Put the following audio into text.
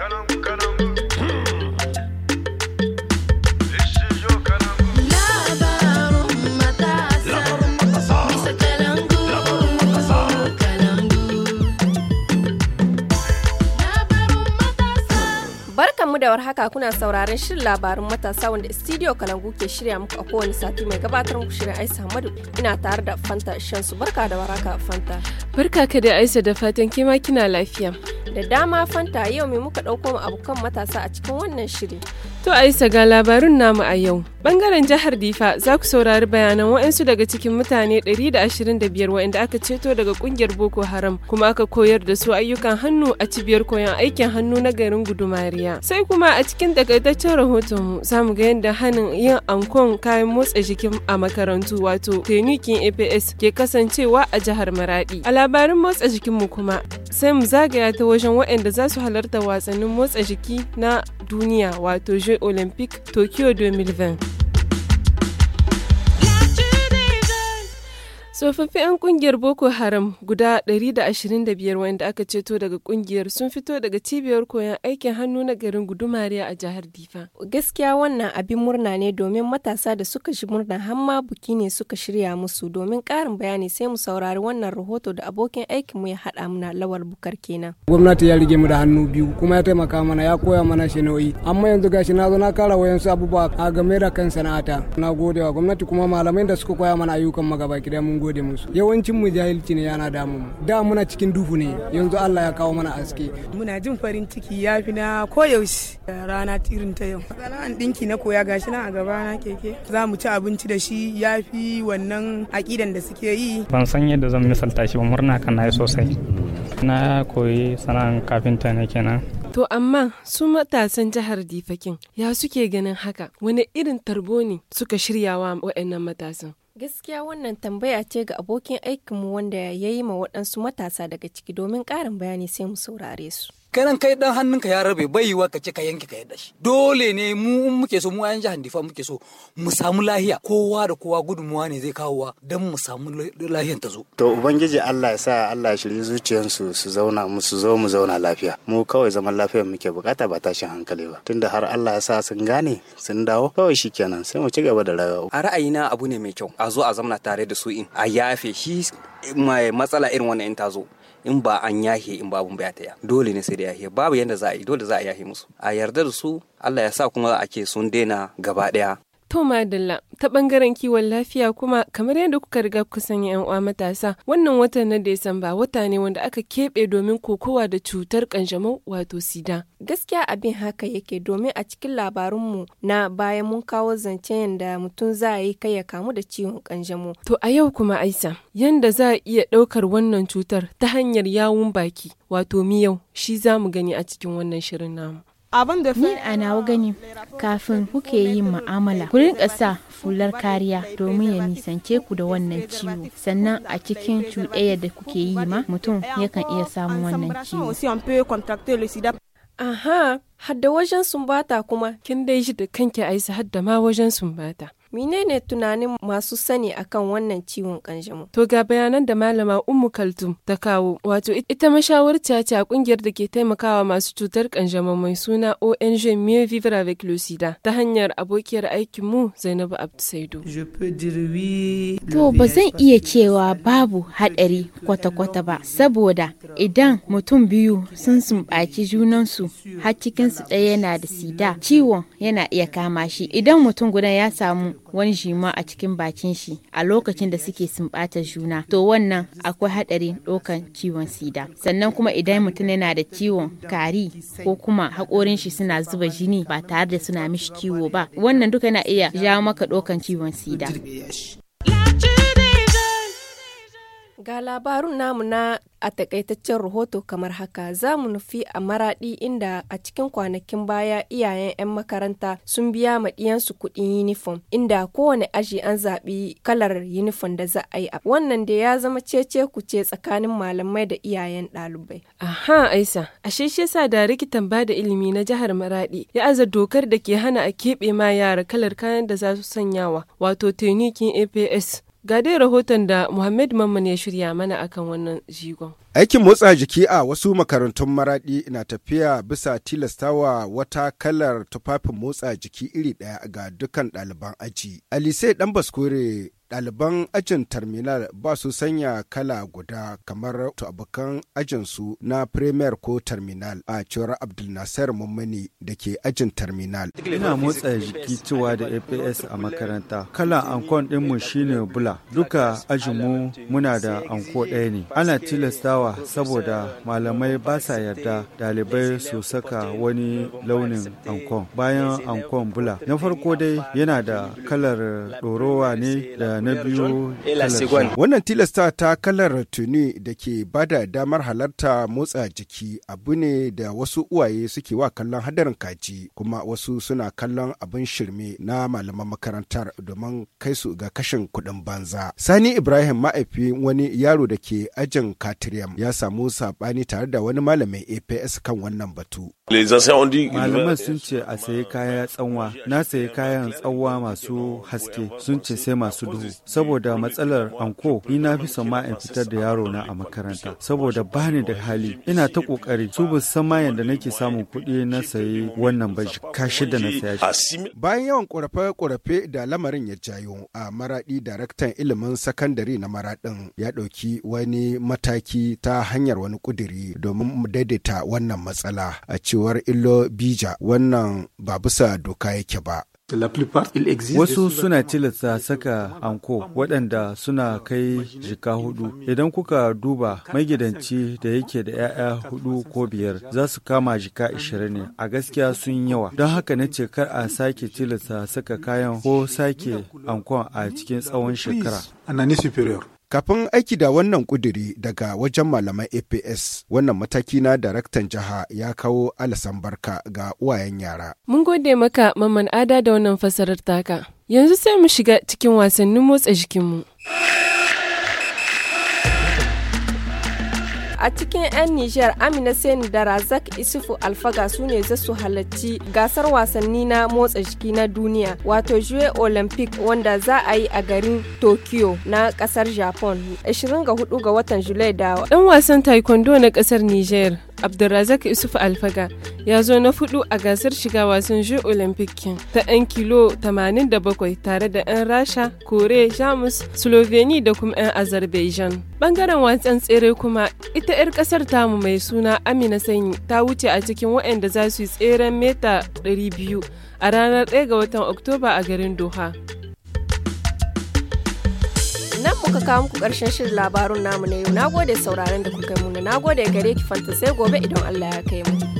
mu da warhaka kuna sauraron shirin labarin matasa wanda studio kalangu ke shirya muku a kowane sati mai gabatar muku shirin aisa Madu, ina tare da fanta shansu barka da waraka fanta barka ka da aisa da fatan kima kina lafiya da dama fanta yau mai muka ɗauko mu abokan matasa a cikin wannan shiri. To Aisa ga labarin namu a yau. Bangaren jihar Difa za ku saurari bayanan waɗansu daga cikin mutane 125 waɗanda aka ceto daga ƙungiyar Boko Haram kuma aka koyar da su ayyukan hannu a cibiyar koyon aikin hannu na garin Gudumariya. Sai kuma a cikin takaitaccen rahoton mu za mu ga yadda hanin yin ankon kayan motsa jikin a makarantu wato tenukin APS ke kasancewa a jihar Maradi. A labarin motsa jikin mu kuma sai mu zagaya ta waje. wajen waɗanda za su halarta wasannin motsa jiki na duniya wato Jeux Olympique Tokyo 2020. tsofaffin 'yan kungiyar boko haram guda 125 wanda aka ceto daga kungiyar sun fito daga cibiyar koyon aikin hannu na garin gudumariya a jihar difa gaskiya wannan abin murna ne domin matasa da suka shi murna hamma buki ne suka shirya musu domin karin bayani sai mu saurari wannan rahoto da abokin aikin mu ya haɗa mana lawar bukar kenan gwamnati ya rige mu da hannu biyu kuma ya taimaka mana ya koya mana shinoyi amma yanzu gashi na zo na kara wayansu abubuwa a game da kan sana'ata na gode wa gwamnati kuma malamai da suka koya mana ayyukan magabaki da mun gode gode musu yawancin mu jahilci ne yana damu mu da muna cikin duhu ne yanzu Allah ya kawo mana aske muna jin farin ciki ya fi na koyaushe rana irin ta yau sana'an dinki na koya gashi nan a gaba na keke za mu ci abinci da shi ya fi wannan aƙidan da suke yi ban san yadda zan misalta shi ba murna kan na yi sosai na koyi sana'an kafinta ne kenan To amma su matasan jihar Difakin ya suke ganin haka wani irin tarbo ne suka wa waɗannan matasan? Gaskiya wannan tambaya ce ga abokin aikinmu wanda ya yi ma waɗansu matasa daga ciki domin ƙarin bayani sai mu saurare su. kanan kai dan hannunka ya rabe bai yiwa ka ce ka yanke ka yadda shi dole ne mu muke so mu ayan jihar difa muke so mu samu lahiya kowa da kowa gudunmuwa ne zai kawowa dan mu samu lahiyan ta zo to ubangiji Allah ya sa Allah ya shirye zuciyarsu su zauna mu su zo mu zauna lafiya mu kawai zaman lafiyar muke bukata ba tashin hankali ba tunda har Allah ya sa sun gane sun dawo kawai shikenan sai mu ci gaba da rayuwa a ra'ayina abu ne mai kyau a zo a zauna tare da su in a yafe shi mai matsala irin wannan in ta zo in ba an yahe in babun ba ta dole ne sai da yahe babu yadda za a yi dole za a yahe musu a yarda da su Allah ya sa kuma ake sun daina gaba daya toma Madalla, ta bangaren kiwon lafiya kuma kamar yadda kuka riga kusan sanya yan uwa matasa, wannan watan na Desamba wata ne wanda aka keɓe domin kokowa da cutar kanjamau wato sida. Gaskiya abin haka yake domin a cikin labarunmu na bayan mun kawo zancen yadda mutum za a yi kai ya kamu da ciwon kanjamau. To a yau kuma Aisha, yanda za a iya ɗaukar wannan cutar ta hanyar yawun baki wato miyau shi za mu gani a cikin wannan shirin namu. Ni a nawa gani kafin kuke yin ma'amala, ku rinka sa fular kariya domin ya nisance ku da wannan ciwo. Sannan a cikin cuɗayar da kuke yi ma mutum yakan iya samun wannan ciwo. Aha, hadda wajen sumbata kuma kin dai shi da kanki a aisa hadda ma wajen sumbata. Menene tunanin masu sani akan wannan ciwon kanjamau? To ga bayanan da malama Ummu Kaltum ta kawo, wato ita mashawarciya ce a kungiyar da ke taimakawa masu cutar kanjamau mai suna ONG Mieux Vivre avec le Sida ta hanyar abokiyar aikin mu Zainabu Abdusaidu. To ba zan iya cewa babu hadari kwata-kwata ba, saboda idan mutum biyu sun sumbaci junansu har cikinsu ɗaya yana da sida, ciwon yana iya kama shi. Idan mutum guda ya samu wani jima a cikin bakin shi a lokacin da suke sumbatar juna to wannan akwai haɗarin ɗaukan ciwon sida sannan kuma idan mutum yana da ciwon kari ko kuma haƙorin shi suna zuba jini ba tare da suna mishi ciwo ba wannan duka na iya jawo maka ɗaukan ciwon sida Ga labarun namu na a takaitaccen rahoto kamar haka za mu nufi a maraɗi inda a cikin kwanakin baya iyayen 'yan makaranta sun biya ma kuɗin yunifom inda kowane aji an zaɓi kalar yunifom da za a yi wannan da ya zama cece kuce tsakanin malamai da iyayen ɗalibai. Aha Aisa, ashe shi sa da rikitan ba da ilimi na jihar maraɗi ya aza dokar da ke hana a keɓe ma yara kalar kayan da za su sanyawa wato tenikin APS Ga dai rahoton da Muhammad Mamman ya shirya mana akan wannan jigon. Aikin motsa jiki a wasu makarantun maraɗi na tafiya bisa tilastawa wata kalar tufafin motsa jiki iri ɗaya ga dukkan ɗaliban aji. Alise ɗan baskure ɗaliban ajin terminal ba su sanya kala guda kamar to abokan ajinsu na premier ko terminal a cewar abdulnasir mummuni da ke ajin terminal ina motsa jiki cewa da aps a makaranta kala ankon ɗinmu shine bula duka ajinmu muna da anko ɗaya ne ana tilastawa saboda malamai ba sa yarda ɗalibai su saka wani launin ankon bayan ankon bula na farko dai yana da kalar ɗorowa ne da na biyu wannan tilasta ta kalar tuni da ke bada damar halarta motsa jiki abu ne da wasu uwaye suke wa kallon hadarin kaji kuma wasu suna kallon abin shirme na malaman makarantar domin kai su ga kashin kudin banza sani ibrahim ma'aifin wani yaro da ke ajin katiriyam ya samu sabani tare da wani malamin aps kan wannan batu malaman sun ce a sayi kaya tsanwa na sayi kayan tsawa masu haske sun ce sai masu duhu saboda matsalar anko ni na fi son ma in fitar da yaro na a makaranta saboda bani da hali ina ta kokari su ba san ma yanda nake samun kuɗi na sayi wannan ba kashi da na saya shi bayan yawan korafe-korafe da lamarin ya jayo a maradi daraktan ilimin sakandare na maradin ya ɗauki wani mataki ta hanyar wani kuduri domin daidaita wannan matsala a cewar illo bija wannan ba bisa doka yake ba Wasu suna tilasta saka anko waɗanda suna kai jika hudu. Idan kuka duba magidanci da yake da 'ya'ya hudu ko biyar za su kama jika ishirin ne a gaskiya sun yawa. Don haka na ce kar a sake tilasta saka kayan ko sake ankon a cikin tsawon shekara. Kafin aiki da wannan ƙudiri daga wajen malaman APS, wannan mataki na daraktan jiha ya kawo alasan barka ga uwayen yara. Mun gode maka mamman ada da wannan fasarar taka. Yanzu sai mu shiga cikin wasannin motsa jikinmu. a cikin 'yan Nijar Amina Sen da Razak Isufu Alfaga su ne za su halarci gasar wasanni na motsa jiki na duniya wato Jeux Olympic wanda za a yi a garin Tokyo na kasar Japan 24 ga watan Julai da ɗan wasan taekwondo na kasar niger. Abdulrazak Yusuf Alfaga ya zo na fudu a gasar shiga wasan Jeux Olympique ta 'yan kilo 87 tare da 'yan Rasha, Kore, Jamus, Sloveni da kuma 'yan Azerbaijan. Bangaren wasan tsere kuma ita 'yar kasar tamu mai suna Amina Sanyi ta wuce a cikin waɗanda za su yi tseren meta 200 a ranar 1 ga watan Oktoba a garin Doha. ka kawo muku karshen shirin labarun namu na yau. Nagode sauraron da kuka yi muna. Nagode gare ki fanta sai gobe idan Allah ya kai mu.